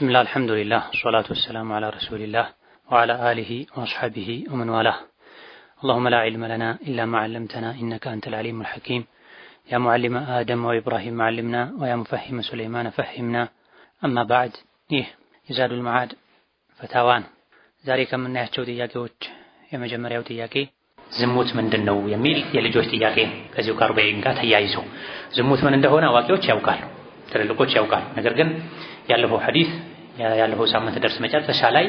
بسم الله الحمد لله والصلاة والسلام على رسول الله وعلى آله وأصحابه ومن والاه اللهم لا علم لنا إلا ما علمتنا إنك أنت العليم الحكيم يا معلم آدم وإبراهيم علمنا ويا مفهم سليمان فهمنا أما بعد إيه المعاد فتاوان ይህ የዛዱ ልመዓድ ፈታዋን يا ከምናያቸው ጥያቄዎች زموت من دنو يميل يلي የሚል የልጆች ጥያቄ كاربعين ከአርባዒን ጋር ተያይዞ زموت من እንደሆነ አዋቂዎች ያውቃሉ ትልልቆች ያውቃል። ነገር ግን ያለፈው ሐዲስ ያለፈው ሳምንት ደርስ መጨረሻ ላይ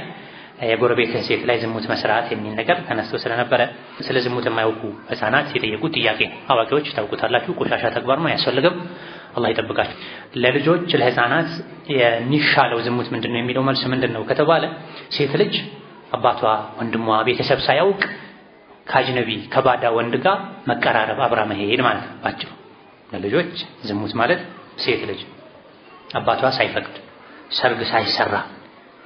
የጎረቤት ሴት ላይ ዝሙት መስራት የሚል ነገር ተነስቶ ስለነበረ ስለ ዝሙት የማያውቁ ህፃናት የጠየቁት ጥያቄ ነው። አዋቂዎች ታውቁታላችሁ፣ ቆሻሻ ተግባር ነው፣ አያስፈልግም። አላህ ይጠብቃችሁ። ለልጆች ለህፃናት የሚሻለው ዝሙት ምንድን ነው የሚለው መልስ ምንድን ነው ከተባለ ሴት ልጅ አባቷ፣ ወንድሟ፣ ቤተሰብ ሳያውቅ ከአጅነቢ ከባዳ ወንድ ጋር መቀራረብ፣ አብራ መሄድ ማለት ነው። ባጭሩ ለልጆች ዝሙት ማለት ሴት ልጅ አባቷ ሳይፈቅድ ሰርግ ሳይሰራ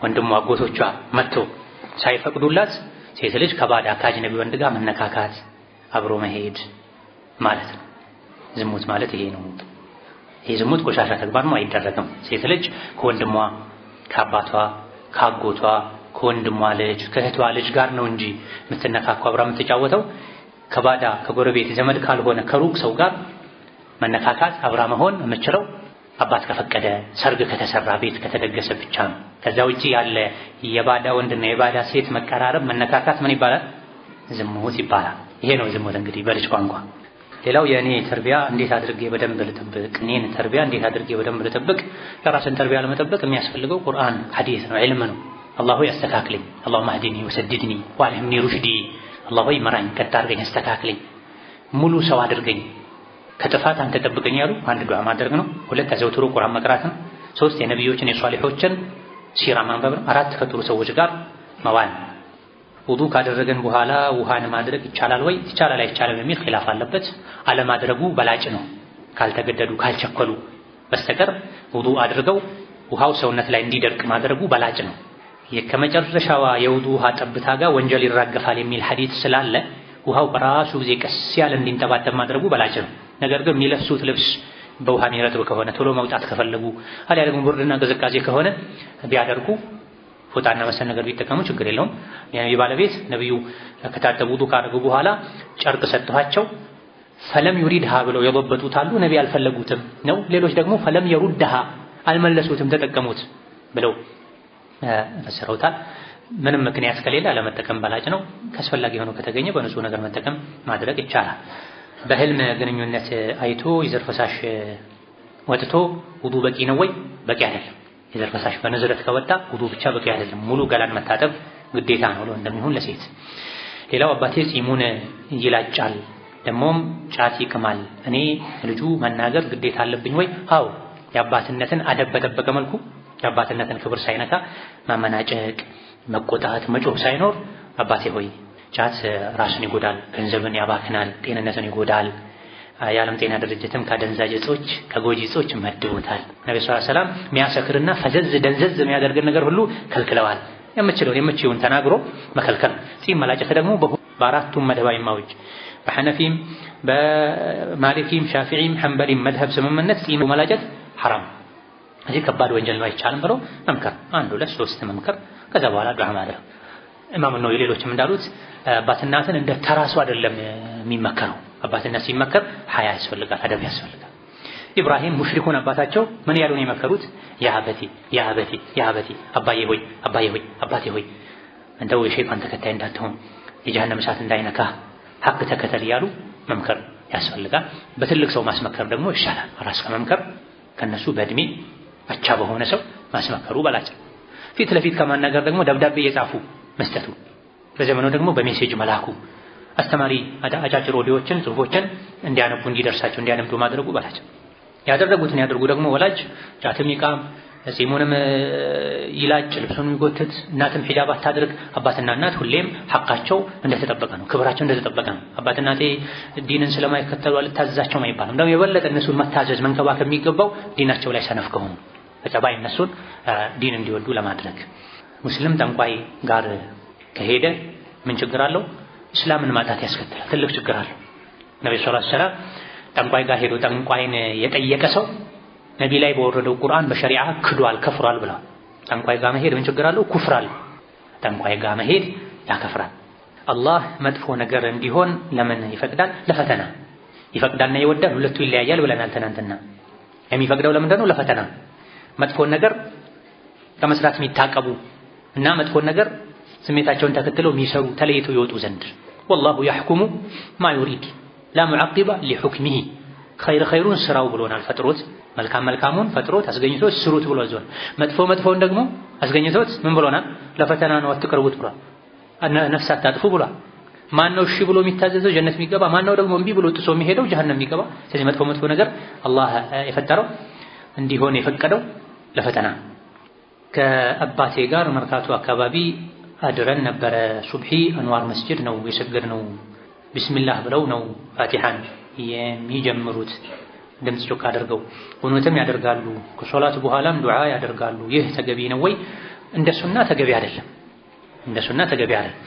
ወንድሟ አጎቶቿ መጥቶ ሳይፈቅዱላት ሴት ልጅ ከባዳ ከአጅነቢ ወንድ ጋር መነካካት አብሮ መሄድ ማለት ነው። ዝሙት ማለት ይሄ ነው። ይሄ ዝሙት ቆሻሻ ተግባር ነው፣ አይደረግም። ሴት ልጅ ከወንድሟ ከአባቷ ከአጎቷ ከወንድሟ ልጅ ከእህቷ ልጅ ጋር ነው እንጂ የምትነካካው አብራ የምትጫወተው ከባዳ ከጎረቤት ዘመድ ካልሆነ ከሩቅ ሰው ጋር መነካካት አብራ መሆን የምችለው አባት ከፈቀደ ሰርግ ከተሰራ ቤት ከተደገሰ ብቻ ነው። ከዛ ውጪ ያለ የባዳ ወንድና የባዳ ሴት መቀራረብ መነካካት ምን ይባላል? ዝሙት ይባላል። ይሄ ነው ዝሙት እንግዲህ በልጅ ቋንቋ። ሌላው የእኔ ተርቢያ እንዴት አድርጌ በደንብ ልጠብቅ፣ እኔን ተርቢያ እንዴት አድርጌ በደንብ ልጠብቅ። የራስን ተርቢያ ለመጠበቅ የሚያስፈልገው ቁርአን፣ ሐዲስ ነው፣ ዒልም ነው። አላሁ ያስተካክለኝ፣ አላሁ ማህዲኒ ወሰድድኒ ዋልህምኒ ሩሽዲ፣ አላሁ ይመራኝ፣ ቀጥ አድርገኝ፣ አስተካክለኝ፣ ሙሉ ሰው አድርገኝ ከጥፋት አንተ ጠብቀኝ ያሉ አንድ ዱዓ ማድረግ ነው። ሁለት አዘውትሮ ቁርአን መቅራት ነው። ሶስት የነብዮችን የሷሊሖችን ሲራ ማንበብ ነው። አራት ከጥሩ ሰዎች ጋር መዋል። ውዱ ካደረገን በኋላ ውሃን ማድረግ ይቻላል ወይ? ይቻላል አይቻልም የሚል ኺላፍ አለበት። አለማድረጉ በላጭ ነው ካልተገደዱ ካልቸኮሉ በስተቀር ውዱ አድርገው ውሃው ሰውነት ላይ እንዲደርቅ ማድረጉ በላጭ ነው። ከመጨረሻዋ የውዱ ውሃ ጠብታ ጋር ወንጀል ይራገፋል የሚል ሐዲት ስላለ ውሃው በራሱ ጊዜ ቀስ ያለ እንዲንጠባጠብ ማድረጉ በላጭ ነው። ነገር ግን የሚለብሱት ልብስ በውሃ የሚረጥብ ከሆነ ቶሎ መውጣት ከፈለጉ አሊያ ደግሞ ብርድና ቅዝቃዜ ከሆነ ቢያደርጉ ፎጣና መሰል ነገር ቢጠቀሙ ችግር የለውም። የነቢዩ ባለቤት ነቢዩ ከታጠቡ ውዱእ ካደረጉ በኋላ ጨርቅ ሰጥቷቸው ፈለም ዩሪድሃ ብለው የጎበጡት አሉ። ነቢ አልፈለጉትም ነው። ሌሎች ደግሞ ፈለም የሩድሃ አልመለሱትም፣ ተጠቀሙት ብለው ፈስረውታል። ምንም ምክንያት ከሌለ አለመጠቀም ባላጭ ነው። ካስፈላጊ ሆኖ ከተገኘ በንጹህ ነገር መጠቀም ማድረግ ይቻላል። በህልም ግንኙነት አይቶ የዘር ፈሳሽ ወጥቶ ውዱ በቂ ነው ወይ? በቂ አይደለም። የዘር ፈሳሽ በንዝረት ከወጣ ውዱ ብቻ በቂ አይደለም። ሙሉ ገላን መታጠብ ግዴታ ነው ለወንድም ለሴት። ሌላው አባቴ ጺሙን ይላጫል ደግሞም ጫት ይቅማል። እኔ ልጁ መናገር ግዴታ አለብኝ ወይ? አው የአባትነትን አደብ በጠበቀ መልኩ የአባትነትን ክብር ሳይነካ ማመናጨቅ፣ መቆጣት፣ መጮህ ሳይኖር አባቴ ሆይ ጫት ራስን ይጎዳል፣ ገንዘብን ያባክናል፣ ጤንነትን ይጎዳል። የዓለም ጤና ድርጅትም ከአደንዛዥ እጾች ከጎጂ እጾች መድቦታል። ነቢ ስ ሰላም የሚያሰክርና ፈዘዝ ደንዘዝ የሚያደርግን ነገር ሁሉ ከልክለዋል። የምችለውን የምችውን ተናግሮ መከልከል። ጺም መላጨት ደግሞ በአራቱም መደባዊ ማዎች በሐነፊም በማሊኪም ሻፊዒም ሐንበሊም መድሀብ ስምምነት ጺም መላጨት ሐራም እዚህ ከባድ ወንጀል ነው፣ አይቻልም ብሎ መምከር አንድ ሁለት ሶስት መምከር ከዛ በኋላ ዱዓ ማድረግ ኢማም ነው ሌሎችም እንዳሉት አባትናትን እንደ ተራሱ አይደለም የሚመከረው። አባትናት ሲመከር ሀያ ያስፈልጋል፣ አደብ ያስፈልጋል። ኢብራሂም ሙሽሪኩን አባታቸው ምን ያሉን የመከሩት? የአበቴ የአበቴ የአበቴ አባዬ ሆይ አባዬ ሆይ አባቴ ሆይ እንደው የሸይጣን ተከታይ እንዳትሆን የጀሃነም እሳት እንዳይነካ ሀቅ ተከተል እያሉ መምከር ያስፈልጋል። በትልቅ ሰው ማስመከር ደግሞ ይሻላል። ራስ ከመምከር ከነሱ በእድሜ አቻ በሆነ ሰው ማስመከሩ በላጭ። ፊት ለፊት ከማናገር ደግሞ ደብዳቤ እየጻፉ መስጠቱ፣ በዘመኑ ደግሞ በሜሴጅ መላኩ፣ አስተማሪ አጫጭር ወዲዎችን ጽሁፎችን እንዲያነቡ እንዲደርሳቸው እንዲያነብዱ ማድረጉ ባላቸው ያደረጉትን ያደርጉ ደግሞ ወላጅ ጫትም ይቃም ጺሙንም ይላጭ ልብሱን ይጎትት እናትም ሒጃብ አታድርግ። አባትና እናት ሁሌም ሐቃቸው እንደተጠበቀ ነው፣ ክብራቸው እንደተጠበቀ ነው። አባትና እናቴ ዲንን ስለማይከተሉ አልታዘዛቸው አይባልም። ደግሞ የበለጠ እነሱን መታዘዝ መንከባከብ የሚገባው ዲናቸው ላይ ሰነፍ ከሆኑ በጸባይ እነሱን ዲን እንዲወዱ ለማድረግ ሙስሊም ጠንቋይ ጋር ከሄደ ምን ችግር አለው? እስላምን ማጣት ያስከትላል። ትልቅ ችግር አለው። ነቢ ሰለላሁ ዐለይሂ ወሰለም ጠንቋይ ጋር ሄዶ ጠንቋይን የጠየቀ ሰው ነቢ ላይ በወረደው ቁርአን በሸሪዓ ክዷል፣ ከፍሯል ብለዋል። ጠንቋይ ጋር መሄድ ምን ችግር አለው? ኩፍራል። ጠንቋይ ጋር መሄድ ያከፍራል። አላህ መጥፎ ነገር እንዲሆን ለምን ይፈቅዳል? ለፈተና ይፈቅዳልና ይወዳል። ሁለቱ ይለያያል ብለናል ትናንትና። የሚፈቅደው ለምንድን ነው? ለፈተና መጥፎን ነገር ከመስራት የሚታቀቡ እና መጥፎን ነገር ስሜታቸውን ተከትለው የሚሰሩ ተለይተው ይወጡ ዘንድ ወላሁ ያሕኩሙ ማ ዩሪድ ላ ሙዓቂበ ሊሑክሚሂ ኸይር ኸይሩን ስራው ብሎናል ፈጥሮት መልካም መልካሙን ፈጥሮት አስገኝቶት ስሩት ብሎ ዞን መጥፎ መጥፎውን ደግሞ አስገኝቶት ምን ብሎናል? ለፈተና ነው አትቅርቡት ብሏል። ነፍስ አታጥፉ ብሏል። ማን ነው እሺ ብሎ የሚታዘዘው ጀነት የሚገባ? ማን ነው ደግሞ እምቢ ብሎ ጥሶ የሚሄደው ጀሀነም የሚገባ? ስለዚህ መጥፎ መጥፎ ነገር አላህ የፈጠረው እንዲሆን የፈቀደው ለፈተና ከአባቴ ጋር መርካቶ አካባቢ አድረን ነበረ። ሱብሒ አንዋር መስጅድ ነው የሰገድ ነው። ቢስሚላህ ብለው ነው ፋቲሓን የሚጀምሩት ድምፅ ጮክ አድርገው። ቁኑትም ያደርጋሉ፣ ከሶላት በኋላም ዱዓ ያደርጋሉ። ይህ ተገቢ ነው ወይ? እንደ ሱና ተገቢ አይደለም። እንደ ሱና ተገቢ አይደለም።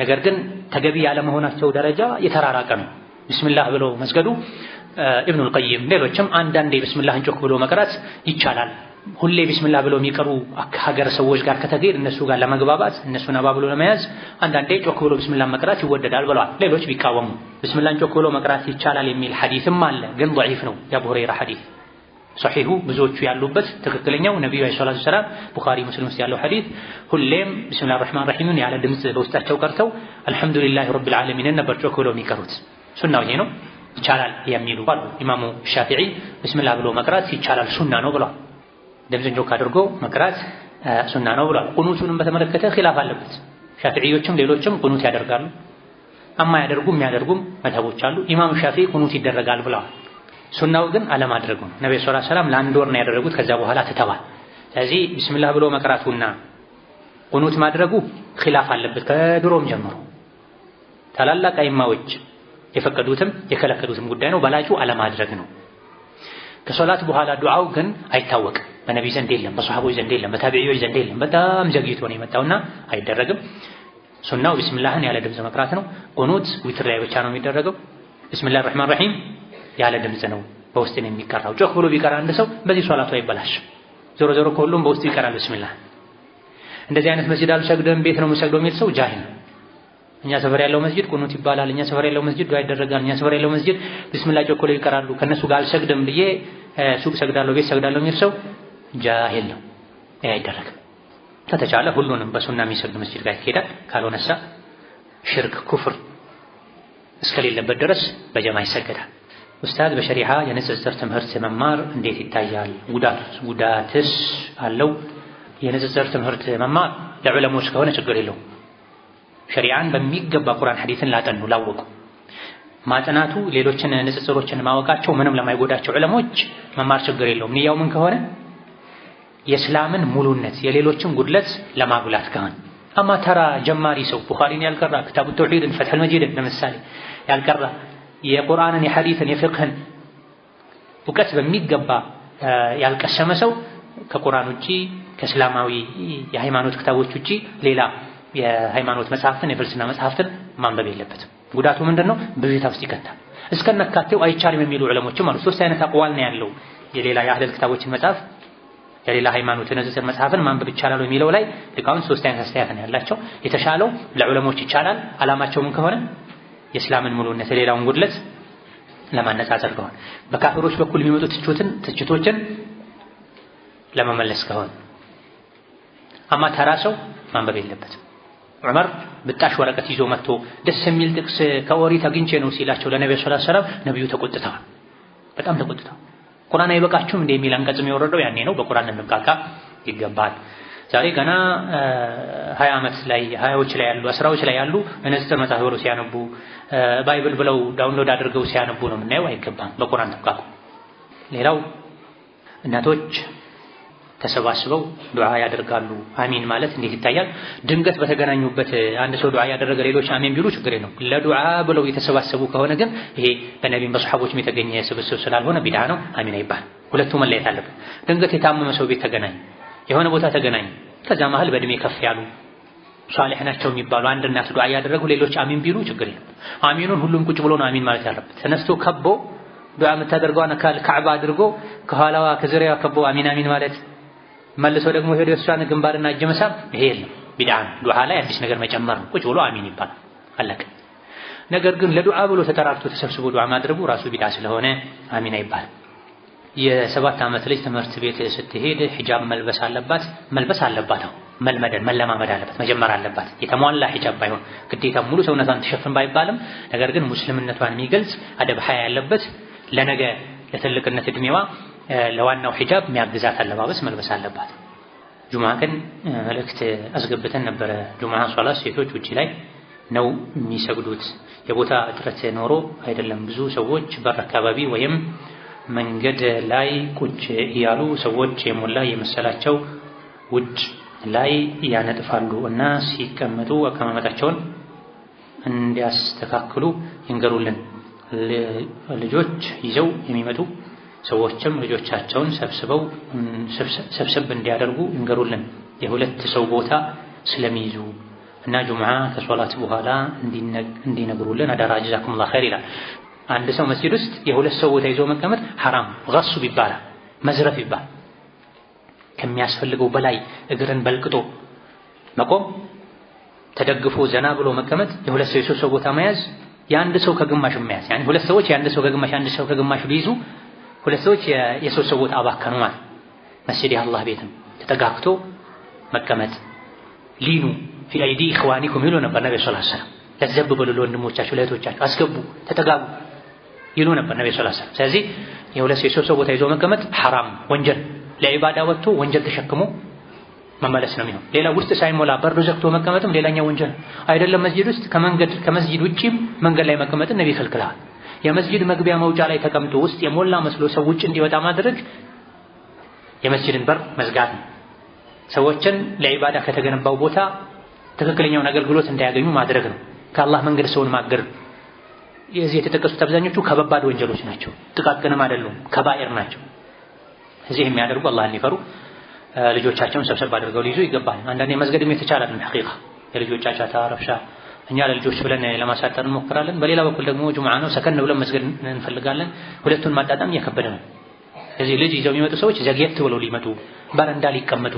ነገር ግን ተገቢ ያለመሆናቸው ደረጃ የተራራቀ ነው። ቢስሚላህ ብለው መስገዱ ኢብኑል ቀይም ሌሎችም አንዳንዴ ቢስሚላህን ጮክ ብሎ መቅራት ይቻላል ሁሌ ቢስሚላህ ብለው የሚቀሩ ሀገር ሰዎች ጋር ከተገኘ እነሱ ጋር ለመግባባት እነሱን አባብሎ ለመያዝ አንዳንዴ ጮክ ብሎ ቢስሚላህ መቅራት ይወደዳል ብለዋል። ሌሎች ቢቃወሙ ቢስሚላህን ጮክ ብሎ መቅራት ይቻላል የሚል ሐዲስም አለ፣ ግን ضعيف ነው። የአቡ ሁረይራ ሐዲስ ሰሒሁ ብዙዎቹ ያሉበት ትክክለኛው ነቢዩ አለይሂ ሰላቱ ሰላም ቡኻሪ ሙስሊም ውስጥ ያለው ሐዲስ ሁሌም ቢስሚላህ ረህማን ረሂምን ያለ ድምፅ በውስጣቸው ቀርተው አልሐምዱሊላሂ ረቢል ዓለሚንን ነበር ጮክ ብሎ የሚቀሩት። ሱናው ይሄ ነው ይቻላል የሚሉ አሉ። ኢማሙ ሻፊዒ ቢስሚላህ ብሎ መቅራት ይቻላል ሱና ነው ብለዋል። ድምፅን ጮክ አድርጎ መቅራት ሱና ነው ብሏል። ቁኑቱንም በተመለከተ ኺላፍ አለበት። ሻፊዒዮችም ሌሎችም ቁኑት ያደርጋሉ። የማያደርጉ የሚያደርጉም መዝሀቦች አሉ። ኢማም ሻፊዒ ቁኑት ይደረጋል ብለዋል። ሱናው ግን አለማድረጉ ነው። ነብዩ ሰለላሁ ዐለይሂ ወሰለም ለአንድ ወር ነው ያደረጉት። ከዛ በኋላ ትተዋል። ስለዚህ ቢስሚላህ ብሎ መቅራቱና ቁኑት ማድረጉ ኺላፍ አለበት። ከድሮም ጀምሮ ታላላቅ አይማዎች የፈቀዱትም የከለከሉትም ጉዳይ ነው። በላጩ አለማድረግ ነው። ከሶላት በኋላ ዱዓው ግን አይታወቅም። በነቢ ዘንድ የለም፣ በሰሃቦች ዘንድ የለም፣ በታቢዒዎች ዘንድ የለም። በጣም ዘግይቶ ነው የመጣውና አይደረግም። ሱናው ቢስሚላህን ያለ ድምፅ መቅራት ነው። ቁኑት ዊትር ላይ ብቻ ነው የሚደረገው። ቢስሚላህ ረህማን ረሂም ያለ ድምፅ ነው በውስጥ ነው የሚቀራው። ጮክ ብሎ ቢቀራ አንድ ሰው በዚህ ሶላቱ አይበላሽም። ዞሮ ዞሮ ከሁሉም በውስጥ ይቀራል ቢስሚላህ። እንደዚህ አይነት መስጂድ አልሰግደም ቤት ነው የምሰግደው የሚል ሰው ጃሂል ነው። እኛ ሰፈር ያለው መስጂድ ቁኑት ይባላል። እኛ ሰፈር ያለው መስጂድ ዱዓ ይደረጋል። እኛ ሰፈር ያለው መስጂድ ቢስሚላህ ጮክ ብሎ ይቀራሉ። ከነሱ ጋር አልሰግደም ብዬ ሱቅ ሰግዳለሁ፣ ቤት ሰግዳለሁ የሚል ሰው ጃሂል ነው። ይህ አይደረግም። ከተቻለ ሁሉንም በሱና የሚሰግድ መስጂድ ጋር ይሄዳል። ካልሆነሳ ሽርክ፣ ኩፍር እስከሌለበት ድረስ በጀማ ይሰገዳል። ኡስታዝ በሸሪዓ የንጽጽር ትምህርት መማር እንዴት ይታያል? ጉዳትስ አለው? የንጽጽር ትምህርት መማር ለዑለሞች ከሆነ ችግር የለው። ሸሪዓን በሚገባ ቁርአን ሐዲትን ላጠኑ ላወቁ ማጥናቱ ሌሎችን ንጽጽሮችን ማወቃቸው ምንም ለማይጎዳቸው ዑለሞች መማር ችግር የለውም። ንያው ምን ከሆነ የእስላምን ሙሉነት የሌሎችን ጉድለት ለማጉላት ካህን አማ ተራ ጀማሪ ሰው ቡኻሪን ያልቀራ ክታቡ ተውሂድን ፈትሑል መጂድን ለምሳሌ ያልቀራ የቁርአንን የሐዲትን የፍቅህን እውቀት በሚገባ ያልቀሰመ ሰው ከቁርአን ውጪ ከእስላማዊ የሃይማኖት ክታቦች ውጪ ሌላ የሃይማኖት መጽሐፍትን የፍልስና መጽሐፍትን ማንበብ የለበትም። ጉዳቱ ምንድን ነው? ብዥታ ውስጥ ይከታል። እስከነካቴው አይቻልም የሚሉ ዕለሞችም አሉ። ሶስት አይነት አቅዋል ነው ያለው። የሌላ የአህለል ክታቦችን መጽሐፍ የሌላ ሃይማኖት ንጽጽር መጽሐፍን ማንበብ ይቻላል የሚለው ላይ ሊቃውንት ሶስት አይነት አስተያየት ነው ያላቸው። የተሻለው ለዑለሞች ይቻላል ዓላማቸው ምን ከሆነ የእስላምን ሙሉነት የሌላውን ጉድለት ለማነጻጸር ከሆነ፣ በካፊሮች በኩል የሚመጡ ትችቶችን ለመመለስ ከሆነ አማ ተራ ሰው ማንበብ የለበትም። ዑመር ብጣሽ ወረቀት ይዞ መጥቶ ደስ የሚል ጥቅስ ከኦሪት አግኝቼ ነው ሲላቸው ለነቢዩ ሰለላሁ ዐለይሂ ነቢዩ ተቆጥተዋል፣ በጣም ተቆጥተዋል። ቁርአን አይበቃችሁም እንደ የሚል አንቀጽም የወረደው ያኔ ነው። በቁርአን እንብቃቃ ይገባል። ዛሬ ገና ሀያ ዓመት ላይ ሀያዎች ላይ ያሉ አስራዎች ላይ ያሉ እነዚህ መጽሐፍ ብለው ሲያነቡ ባይብል ብለው ዳውንሎድ አድርገው ሲያነቡ ነው የምናየው። አይገባም። በቁርአን ተብቃቁ። ሌላው እናቶች ተሰባስበው ዱዓ ያደርጋሉ። አሚን ማለት እንዴት ይታያል? ድንገት በተገናኙበት አንድ ሰው ዱዓ ያደረገ ሌሎች አሚን ቢሉ ችግር ነው ለዱዓ ብለው የተሰባሰቡ ከሆነ ግን ይሄ በነቢም በሰሓቦችም የተገኘ ስብስብ ስላልሆነ ቢድዓ ነው፣ አሚን አይባል። ሁለቱ መለየት አለበት። ድንገት የታመመ ሰው ቤት ተገናኝ፣ የሆነ ቦታ ተገናኝ፣ ከዛ መሀል በእድሜ ከፍ ያሉ ሷሊህ ናቸው የሚባሉ አንድ እናት ዱዓ ያደረጉ ሌሎች አሚን ቢሉ ችግር የለም። አሚኑን ሁሉም ቁጭ ብሎ ነው አሚን ማለት ያለበት። ተነስቶ ከቦ ዱዓ የምታደርገዋን ካዕባ አድርጎ ከኋላዋ ከዙሪያዋ ከቦ አሚን አሚን ማለት መልሶ ደግሞ ሄዶ እሷን ግንባርና እጅ መሳብ ይሄ የለም ቢድዓ ነው። ዱዓ ላይ አዲስ ነገር መጨመር ነው። ቁጭ ብሎ አሚን ይባላል አለቀ። ነገር ግን ለዱዓ ብሎ ተጠራርቶ ተሰብስቦ ዱዓ ማድረጉ ራሱ ቢድዓ ስለሆነ አሚን አይባልም። የሰባት ዓመት ልጅ ትምህርት ቤት ስትሄድ ሂጃብ መልበስ አለባት መልበስ አለባት ነው መልመደን መለማመድ አለባት መጀመር አለባት። የተሟላ ሂጃብ ባይሆን ግዴታ ሙሉ ሰውነቷን ትሸፍን ባይባልም ነገር ግን ሙስልምነቷን የሚገልጽ አደብ ሀያ ያለበት ለነገ ለትልቅነት እድሜዋ ለዋናው ሒጃብ የሚያግዛት አለባበስ መልበስ አለባት። ጁማ ቀን መልእክት አስገብተን ነበረ። ጁማ ሶላት ሴቶች ውጪ ላይ ነው የሚሰግዱት። የቦታ እጥረት ኖሮ አይደለም። ብዙ ሰዎች በር አካባቢ ወይም መንገድ ላይ ቁጭ እያሉ ሰዎች የሞላ የመሰላቸው ውጭ ላይ ያነጥፋሉ እና ሲቀመጡ አቀማመጣቸውን እንዲያስተካክሉ ይንገሩልን። ልጆች ይዘው የሚመጡ ሰዎችም ልጆቻቸውን ሰብስበው ሰብሰብ እንዲያደርጉ ይንገሩልን። የሁለት ሰው ቦታ ስለሚይዙ እና ጁምዓ ከሶላት በኋላ እንዲነግሩልን አደራ። ጀዛኩሙላህ ኸይር ይላል። አንድ ሰው መስጂድ ውስጥ የሁለት ሰው ቦታ ይዞ መቀመጥ ሐራም ገሱብ ይባላል፣ መዝረፍ ይባላል። ከሚያስፈልገው በላይ እግርን በልቅጦ መቆም፣ ተደግፎ ዘና ብሎ መቀመጥ፣ የሁለት ሰው የሶስት ሰው ቦታ መያዝ፣ የአንድ ሰው ከግማሽ መያዝ፣ ያኔ ሁለት ሰዎች የአንድ ሰው ከግማሽ አንድ ሰው ከግማሽ ቢይዙ ሁለት ሰዎች የሶስት ሰዎች አባከኑ ማለት መስጂድ የአላህ ቤት ነው። ተጠጋግቶ መቀመጥ ሊኑ ፊ አይዲ ኢኽዋኒኩም ይሉ ነበር ነብዩ ሰለላሁ ዐለይሂ ወሰለም። ለዘብ በሉ ለወንድሞቻችሁ ለእህቶቻችሁ አስገቡ ተጠጋጉ ይሉ ነበር ነብዩ ሰለላሁ ዐለይሂ ወሰለም። ስለዚህ የሁለት ሰው የሶስት ሰው ቦታ ይዞ መቀመጥ ሐራም ወንጀል፣ ለኢባዳ ወጥቶ ወንጀል ተሸክሞ መመለስ ነው የሚሆን። ሌላ ውስጥ ሳይሞላ በሩ ዘግቶ መቀመጥም ሌላኛው ወንጀል አይደለም። መስጂድ ውስጥ ከመንገድ ከመስጂድ ውጪም መንገድ ላይ መቀመጥን ነብይ ከልክለዋል። የመስጂድ መግቢያ መውጫ ላይ ተቀምጦ ውስጥ የሞላ መስሎ ሰው ውጭ እንዲወጣ ማድረግ የመስጂድን በር መዝጋት ነው። ሰዎችን ለኢባዳ ከተገነባው ቦታ ትክክለኛውን አገልግሎት እንዳያገኙ ማድረግ ነው። ከአላህ መንገድ ሰውን ማገር የዚህ የተጠቀሱት አብዛኞቹ ከበባድ ወንጀሎች ናቸው። ጥቃቅንም አይደሉም፣ ከባኤር ናቸው። እዚህ የሚያደርጉ አላህ ሊፈሩ ልጆቻቸውን ሰብሰብ አድርገው ሊይዙ ይገባል። አንዳንዴ መዝገድም የተቻላል ነው። ሐቂቃ የልጆች ጫጫታ፣ ረብሻ እኛ ለልጆች ብለን ለማሳጠር እንሞክራለን። በሌላ በኩል ደግሞ ጁምዓ ነው፣ ሰከን ብለን መስገድ እንፈልጋለን። ሁለቱን ማጣጣም እየከበደ ነው። እዚህ ልጅ ይዘው የሚመጡ ሰዎች ዘግየት ብለው ሊመጡ፣ በረንዳ ሊቀመጡ፣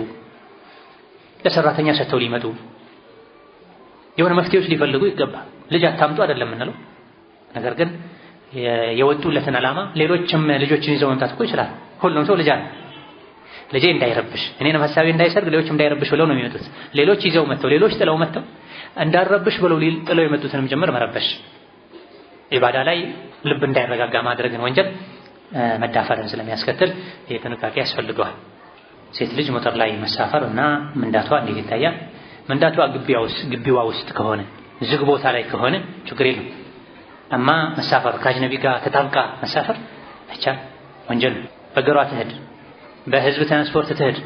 ለሰራተኛ ሰጥተው ሊመጡ፣ የሆነ መፍትሄዎች ሊፈልጉ ይገባል። ልጅ አታምጡ አይደለም የምንለው፣ ነገር ግን የወጡለትን ዓላማ ሌሎችም ልጆችን ይዘው መምጣት እኮ ይችላል። ሁሉም ሰው ልጅ አለ። ልጄ እንዳይረብሽ፣ እኔንም ሀሳቤ እንዳይሰርግ፣ ሌሎችም እንዳይረብሽ ብለው ነው የሚመጡት። ሌሎች ይዘው መጥተው ሌሎች ጥለው መጥተው እንዳረብሽ ብለው ጥለው የመጡትንም ጭምር መረበሽ ኢባዳ ላይ ልብ እንዳይረጋጋ ማድረግን ወንጀል መዳፈርን ስለሚያስከትል ይህ ጥንቃቄ ያስፈልገዋል። ሴት ልጅ ሞተር ላይ መሳፈር እና ምንዳቷ እንዴት ይታያል? ምንዳቷ ግቢዋ ውስጥ ከሆነ ዝግ ቦታ ላይ ከሆነ ችግር የለም። እማ መሳፈር ከአጅነቢ ጋር ተጣብቃ መሳፈር ብቻ ወንጀል በገሯ ትሄድ፣ በህዝብ ትራንስፖርት ትሄድ፣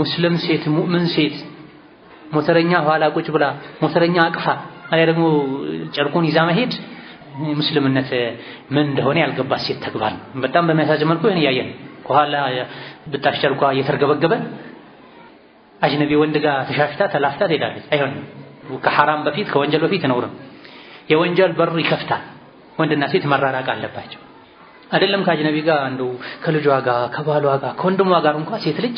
ሙስሊም ሴት ሙእምን ሴት ሞተረኛ ኋላ ቁጭ ብላ ሞተረኛ አቅፋ አለ ደግሞ ጨርቁን ይዛ መሄድ ሙስልምነት ምን እንደሆነ ያልገባት ሴት ተግባር በጣም በሚያሳዝን መልኩ ይሄን እያየን ከኋላ ብታሽ ጨርቋ እየተርገበገበ አጅነቢ ወንድ ጋር ተሻሽታ ተላፍታ ትሄዳለች። አይሆንም። ከሐራም በፊት ከወንጀል በፊት ነውርም። የወንጀል በር ይከፍታል። ወንድና ሴት መራራቅ አለባቸው። አይደለም ከአጅነቢ ጋር እንደው ከልጇ ጋር ከባሏ ጋር ከወንድሟ ጋር እንኳን ሴት ልጅ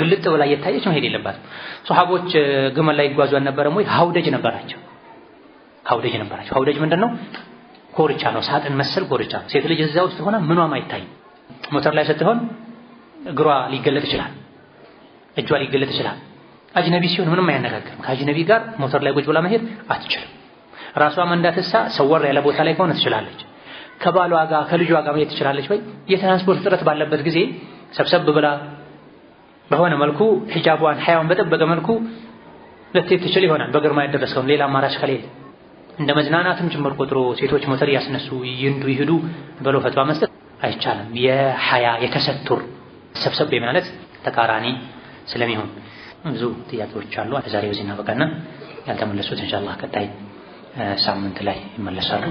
ግልጥ ብላ እየታየች መሄድ የለባትም። ሶሐቦች ግመል ላይ ይጓዙ አልነበረም ወይ? ሀውደጅ ነበራቸው። ሀውደጅ ነበራቸው። ሀውደጅ ምንድን ነው? ኮርቻ ነው፣ ሳጥን መሰል ኮርቻ ነው። ሴት ልጅ እዛ ውስጥ ሆና ምኗም አይታይም። ሞተር ላይ ስትሆን እግሯ ሊገለጥ ይችላል፣ እጇ ሊገለጥ ይችላል። አጅነቢ ሲሆን ምንም አያነጋግርም። ከአጅነቢ ጋር ሞተር ላይ ቁጭ ብላ መሄድ አትችልም። ራሷም መንዳትሳ ሰወር ያለ ቦታ ላይ ከሆነ ትችላለች። ከባሏ ጋር ከልጇ ጋር መሄድ ትችላለች ወይ? የትራንስፖርት እጥረት ባለበት ጊዜ ሰብሰብ ብላ በሆነ መልኩ ሒጃቧን ሐያውን በጠበቀ መልኩ ልትሄድ ትችል ይሆናል። በግርማ ያደረስከውን ሌላ አማራጭ ከሌለ እንደ መዝናናትም ጭምር ቆጥሮ ሴቶች ሞተር ያስነሱ ይንዱ ይሂዱ ብሎ ፈትዋ መስጠት አይቻልም። የሐያ የተሰቱር ሰብሰብ ማለት ተቃራኒ ስለሚሆን ብዙ ጥያቄዎች አሉ። ዛሬው ዜና በቃና ያልተመለሱት ኢንሻአላህ ቀጣይ ሳምንት ላይ ይመለሳሉ።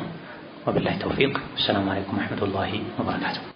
ወብላሂ ተውፊቅ። ሰላም አለይኩም ወራህመቱላሂ ወበረካቱ